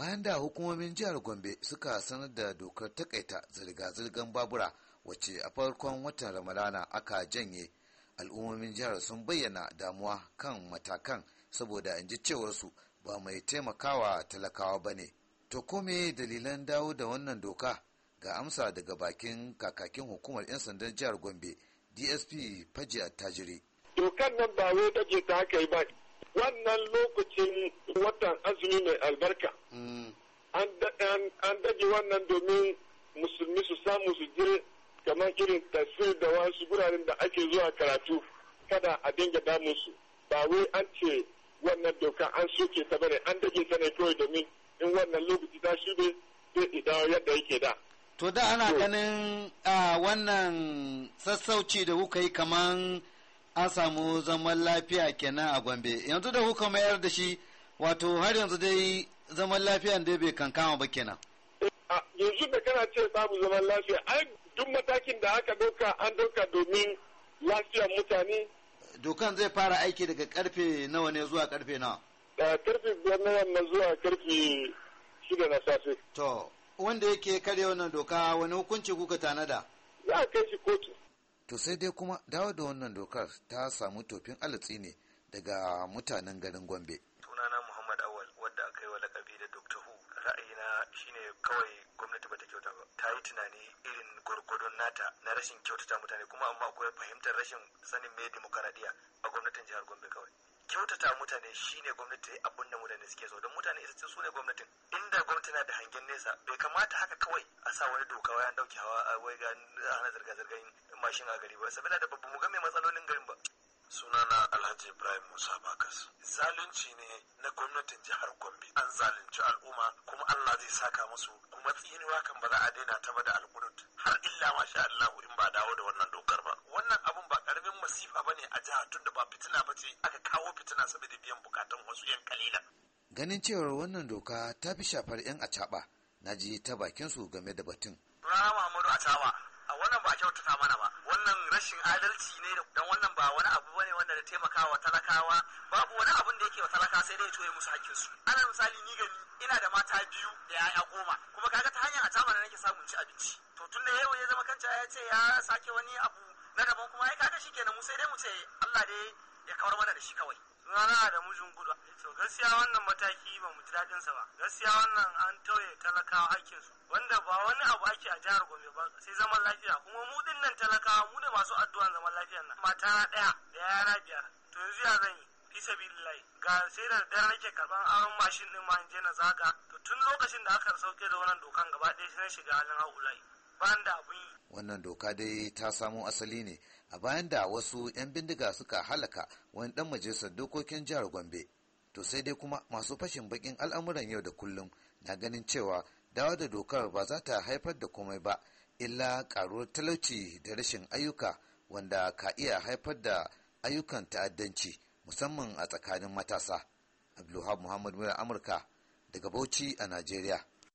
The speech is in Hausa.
bayan da hukumomin jihar gombe suka sanar da dokar takaita zirga-zirgar babura wacce a farkon watan ramadana aka janye al'ummomin jihar sun bayyana damuwa kan matakan saboda in ji cewarsu ba mai taimakawa talakawa ba ne to kome dalilan dawo da wannan doka ga amsa daga bakin kakakin hukumar 'yan sandan jihar gombe dsp faji attajiri dokar nan ba wai ta ce ta haka yi ba wannan lokacin watan azumi mai albarka mm. an daji wannan domin musulmi su samu su jire kamar irin tasiri da wasu guraren da ake zuwa karatu kada a dinga damun su ba wai an ce wannan doka an soke ta bane an dage ta ne kawai domin in wannan lokaci ta shige zai dawo yadda yake da to da ana ganin ah, wannan sassauci da kuka yi kaman an samu zaman lafiya kenan a Gombe yanzu da kuka mayar da shi wato har yanzu dai zaman lafiyan da bai kankama ba kenan yanzu da kana ce samu zaman lafiya ai duk matakin da aka doka an doka domin lafiyar mutane dokan zai fara aiki daga karfe nawa ne zuwa karfe nawa karfe biyar na wannan zuwa karfe shida na safe to wanda yake karya wannan doka wani hukunci kuka tanada za a kai shi kotu to sai dai kuma dawo da wannan dokar ta samu tofin alatsi ne daga mutanen garin gombe sunana muhammad awal wadda aka yi wa lakabi da dr hu ra'ayina shine kawai gwamnati bata kyauta ba ta yi tunani irin gwargwadon nata na rashin kyautata mutane kuma amma akwai fahimtar rashin sanin me demokaradiyya a gwamnatin jihar gombe kawai kyautata mutane shine gwamnati abun da mutane suke so don mutane isa su ne gwamnatin inda gwamnati na da hangen nesa bai kamata haka kawai a sa wani doka wayan dauke hawa wai ga ana zirga zirgar mashin a gari ba saboda da babu mu ga mai matsalolin garin ba sunana alhaji ibrahim musa bakas zalunci ne na gwamnatin jihar gombe an zalunci al'umma kuma allah zai saka musu kuma tsinuwa kan ba za a daina ta ba da alkunut har illa masha allahu in ba dawo da wannan dokar ba wannan abu masifa ne a jiha da ba fitina ba ce aka kawo fitina saboda biyan bukatun wasu yan kalilan ganin cewar wannan doka ta fi shafar yan acaba na ji ta bakin su game da batun rana muhammadu acaba a wannan ba ta mana ba wannan rashin adalci ne da wannan ba wani abu bane wanda da taimakawa talakawa babu wani abun da yake wa talaka sai dai ya toye musu hakkin su ana misali ni gani ina da mata biyu da yaya goma kuma kaga ta hanyar acaba da nake samun ci abinci to tunda yau ya zama kanta ya ce ya sake wani abu na daban kuma ya kaga shi kenan mu sai dai mu Allah dai ya kawar mana da shi kawai sunana da mujin gudu to gaskiya wannan mataki ba mu ji daɗin sa ba gaskiya wannan an tauye talakawa hakkin su wanda ba wani abu ake a jihar Gombe ba sai zaman lafiya kuma mu din nan talakawa mu ne masu addu'an zaman lafiyar nan mata na ɗaya da yara biyar to yanzu ya zan yi bi sabilillahi ga sai da dare nake karban aron mashin din ma in je na zaga to tun lokacin da aka sauke da wannan dokan gaba ɗaya sai na shiga halin haula'i da Wannan doka dai ta samo asali ne a bayan da wasu 'yan bindiga suka halaka wani dan majalisar dokokin jihar Gombe. To sai dai kuma masu fashin bakin al'amuran yau da kullum na ganin cewa dawa da dokar ba za ta haifar da komai ba illa karuwar talauci da rashin ayyuka wanda ka iya haifar da ayyukan ta'addanci musamman a tsakanin matasa. Abdulhab Muhammad Mura Amurka daga Bauchi a Najeriya.